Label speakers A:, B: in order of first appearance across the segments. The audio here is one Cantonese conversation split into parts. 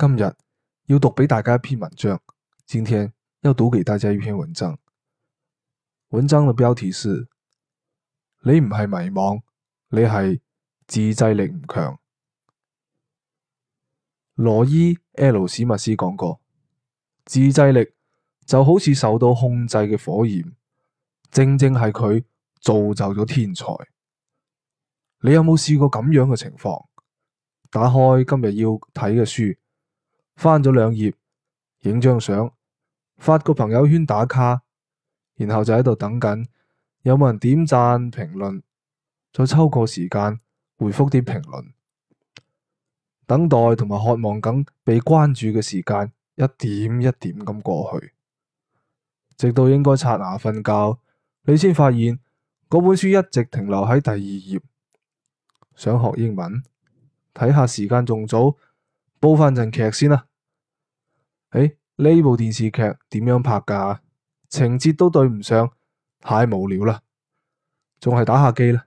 A: 今日要讀俾大家一篇文章。今天要讀給大家一篇文章。文章嘅標題是：你唔係迷茫，你係自制力唔強。羅伊 ·L· 史密斯講過，自制力就好似受到控制嘅火焰，正正係佢造就咗天才。你有冇試過咁樣嘅情況？打開今日要睇嘅書。翻咗兩頁，影張相，發個朋友圈打卡，然後就喺度等緊，有冇人點讚評論，再抽個時間回覆啲評論，等待同埋渴望緊被關注嘅時間，一點一點咁過去，直到應該刷牙瞓覺，你先發現嗰本書一直停留喺第二頁。想學英文，睇下時間仲早，煲翻陣劇先啦。誒，呢、欸、部電視劇點樣拍㗎？情節都對唔上，太無聊啦，仲係打下機啦。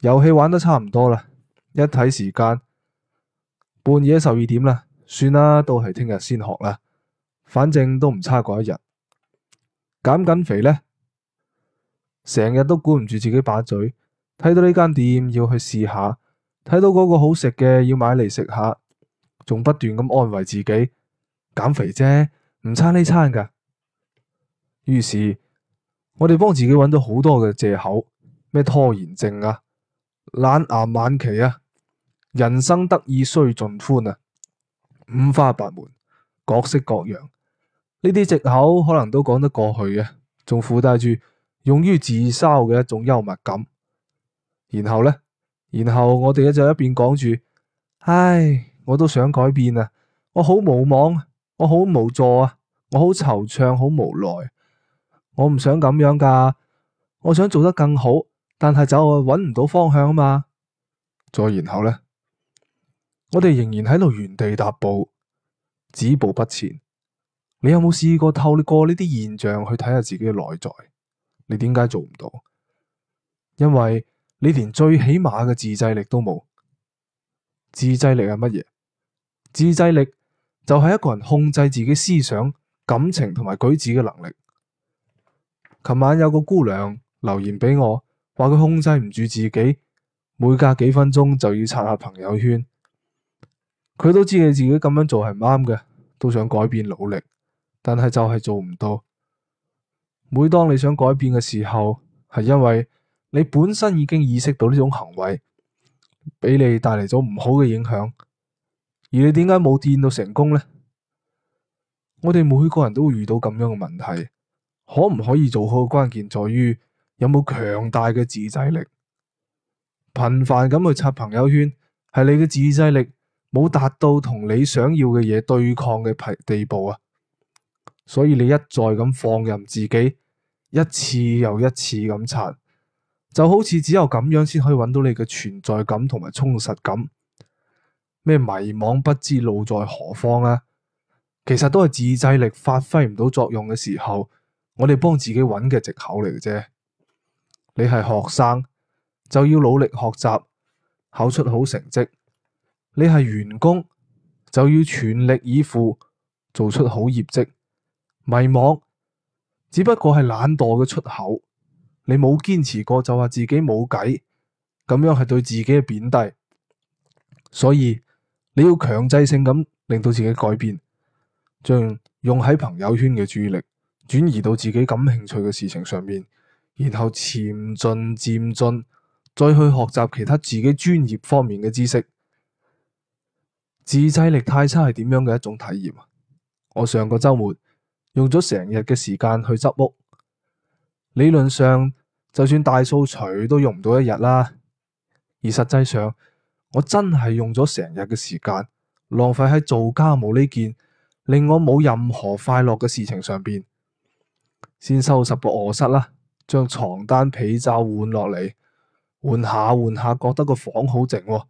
A: 遊戲玩得差唔多啦，一睇時間半夜十二點啦，算啦，都係聽日先學啦，反正都唔差過一日。減緊肥呢，成日都管唔住自己把嘴，睇到呢間店要去試下，睇到嗰個好食嘅要買嚟食下。仲不斷咁安慰自己，減肥啫，唔差呢餐噶。於是，我哋幫自己揾到好多嘅借口，咩拖延症啊、懶癌晚期啊、人生得意須盡歡啊，五花八門，各式各樣。呢啲借口可能都講得過去嘅，仲附帶住勇於自嘲嘅一種幽默感。然後呢，然後我哋咧就一邊講住，唉。我都想改變啊！我好無望，我好無助啊！我好惆悵，好無奈。我唔想咁樣噶，我想做得更好，但係就係搵唔到方向啊嘛。再然後呢？我哋仍然喺度原地踏步，止步不前。你有冇試過透過呢啲現象去睇下自己嘅內在？你點解做唔到？因為你連最起碼嘅自制力都冇。自制力係乜嘢？自制力就係一個人控制自己思想、感情同埋舉止嘅能力。琴晚有個姑娘留言俾我，話佢控制唔住自己，每隔幾分鐘就要刷下朋友圈。佢都知你自己咁樣做係唔啱嘅，都想改變努力，但係就係做唔到。每當你想改變嘅時候，係因為你本身已經意識到呢種行為俾你帶嚟咗唔好嘅影響。而你點解冇見到成功呢？我哋每個人都會遇到咁樣嘅問題，可唔可以做好嘅關鍵在於有冇強大嘅自制力。頻繁咁去刷朋友圈，係你嘅自制力冇達到同你想要嘅嘢對抗嘅地步啊，所以你一再咁放任自己，一次又一次咁刷，就好似只有咁樣先可以揾到你嘅存在感同埋充實感。咩迷茫，不知路在何方啊？其實都係自制力發揮唔到作用嘅時候，我哋幫自己揾嘅借口嚟嘅啫。你係學生就要努力學習，考出好成績；你係員工就要全力以赴，做出好業績。迷茫只不過係懶惰嘅出口，你冇堅持過就話自己冇計，咁樣係對自己嘅貶低。所以。你要強制性咁令到自己改變，將用喺朋友圈嘅注意力轉移到自己感興趣嘅事情上面，然後漸進漸進，再去學習其他自己專業方面嘅知識。自制力太差係點樣嘅一種體驗啊！我上個周末用咗成日嘅時間去執屋，理論上就算大掃除都用唔到一日啦，而實際上。我真係用咗成日嘅時間，浪費喺做家務呢件令我冇任何快樂嘅事情上邊，先收拾個臥室啦，將床單被罩換落嚟，換下換下，覺得個房好靜喎，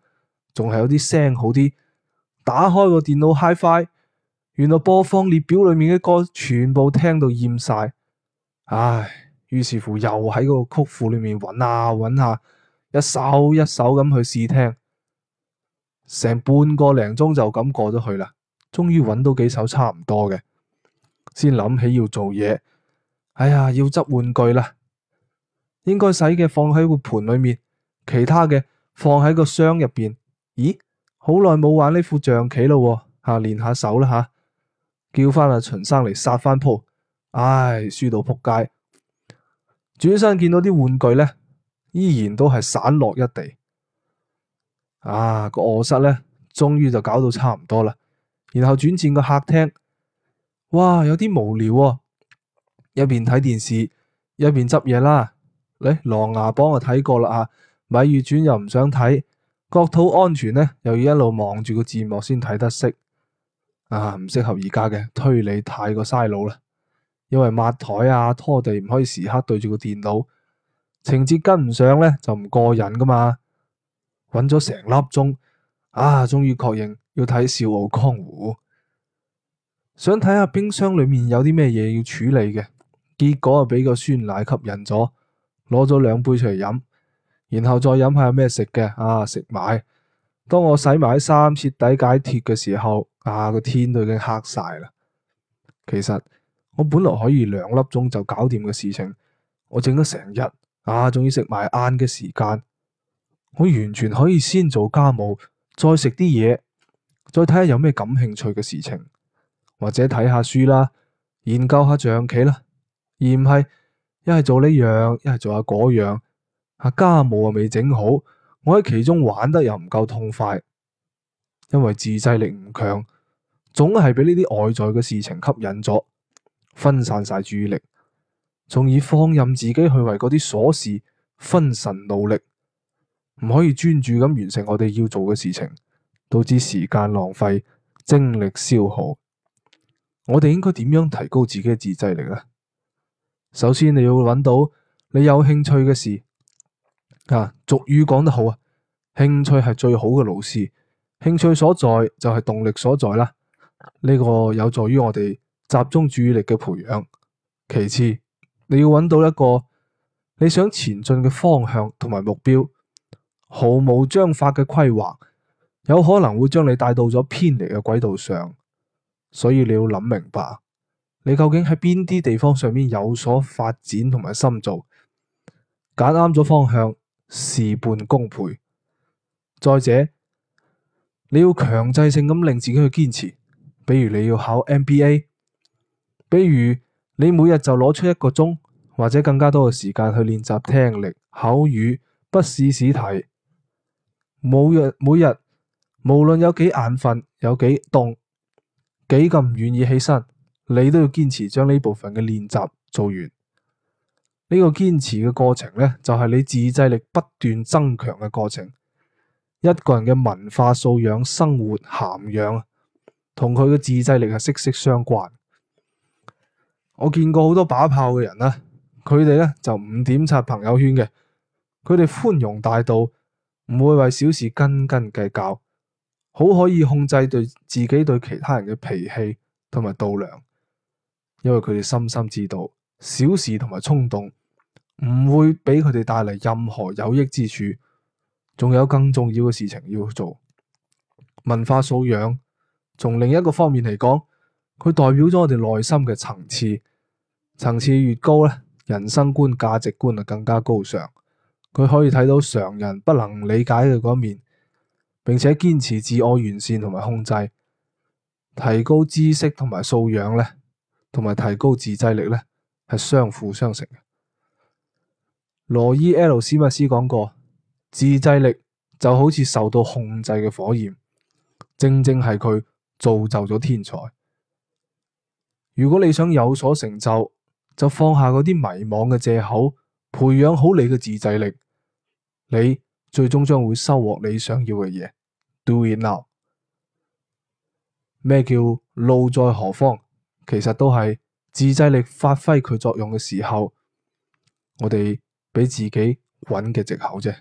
A: 仲係有啲聲好啲。打開個電腦 HiFi，原來播放列表裏面嘅歌全部聽到厭晒，唉，於是乎又喺個曲庫裏面揾下揾下，一首一首咁去試聽。成半個零鐘就咁過咗去啦，終於揾到幾首差唔多嘅，先諗起要做嘢。哎呀，要執玩具啦，應該使嘅放喺個盤裏面，其他嘅放喺個箱入邊。咦，好耐冇玩呢副象棋咯，啊，吓練下手啦吓，叫翻阿秦生嚟殺翻鋪。唉、哎，輸到撲街，轉身見到啲玩具咧，依然都係散落一地。啊，那個臥室咧，終於就搞到差唔多啦。然後轉戰個客廳，哇，有啲無聊啊！一邊睇電視，一邊執嘢啦。嚟《琅琊榜》我睇過啦啊，《羋月傳》又唔想睇，《國土安全》呢，又要一路望住個字幕先睇得識。啊，唔適合而家嘅推理太過嘥腦啦。因為抹台啊、拖地唔可以時刻對住個電腦，情節跟唔上咧就唔過癮噶嘛。搵咗成粒鐘，啊，終於確認要睇《笑傲江湖》，想睇下冰箱裏面有啲咩嘢要處理嘅，結果啊俾個酸奶吸引咗，攞咗兩杯出嚟飲，然後再飲下咩食嘅，啊食埋。當我洗埋衫徹底解脫嘅時候，啊個天都已經黑晒啦。其實我本來可以兩粒鐘就搞掂嘅事情，我整咗成日，啊終於食埋晏嘅時間。我完全可以先做家務，再食啲嘢，再睇下有咩感興趣嘅事情，或者睇下書啦，研究下象棋啦，而唔係一係做呢樣，一係做下嗰樣。啊，家務又未整好，我喺其中玩得又唔夠痛快，因為自制力唔強，總係俾呢啲外在嘅事情吸引咗，分散晒注意力，仲以放任自己去為嗰啲瑣事分神努力。唔可以專注咁完成我哋要做嘅事情，導致時間浪費、精力消耗。我哋應該點樣提高自己嘅自制力呢？首先，你要揾到你有興趣嘅事。啊，俗語講得好啊，興趣係最好嘅老師，興趣所在就係動力所在啦。呢個有助於我哋集中注意力嘅培養。其次，你要揾到一個你想前進嘅方向同埋目標。毫無章法嘅規劃，有可能會將你帶到咗偏離嘅軌道上，所以你要諗明白，你究竟喺邊啲地方上面有所發展同埋深造，揀啱咗方向，事半功倍。再者，你要強制性咁令自己去堅持，比如你要考 MBA，比如你每日就攞出一個鐘或者更加多嘅時間去練習聽力、口語、筆試、試題。每日每日，無論有幾眼瞓，有幾凍，幾咁唔願意起身，你都要堅持將呢部分嘅練習做完。呢個堅持嘅過程呢，就係你自制力不斷增強嘅過程。一個人嘅文化素養、生活涵養啊，同佢嘅自制力係息息相關。我見過好多把炮嘅人呢，佢哋呢就唔點刷朋友圈嘅，佢哋寬容大度。唔會為小事斤斤計較，好可以控制對自己對其他人嘅脾氣同埋度量，因為佢哋深深知道小事同埋衝動唔會俾佢哋帶嚟任何有益之處，仲有更重要嘅事情要做。文化素養從另一個方面嚟講，佢代表咗我哋內心嘅層次，層次越高咧，人生觀價值觀就更加高尚。佢可以睇到常人不能理解嘅嗰面，並且堅持自我完善同埋控制，提高知識同埋素養咧，同埋提高自制力咧，係相輔相成嘅。羅伊 L 史密斯講過，自制力就好似受到控制嘅火焰，正正係佢造就咗天才。如果你想有所成就，就放下嗰啲迷茫嘅借口培養好你嘅自制力。你最終將會收穫你想要嘅嘢。Do it now，咩叫路在何方？其實都係自制力發揮佢作用嘅時候，我哋俾自己揾嘅藉口啫。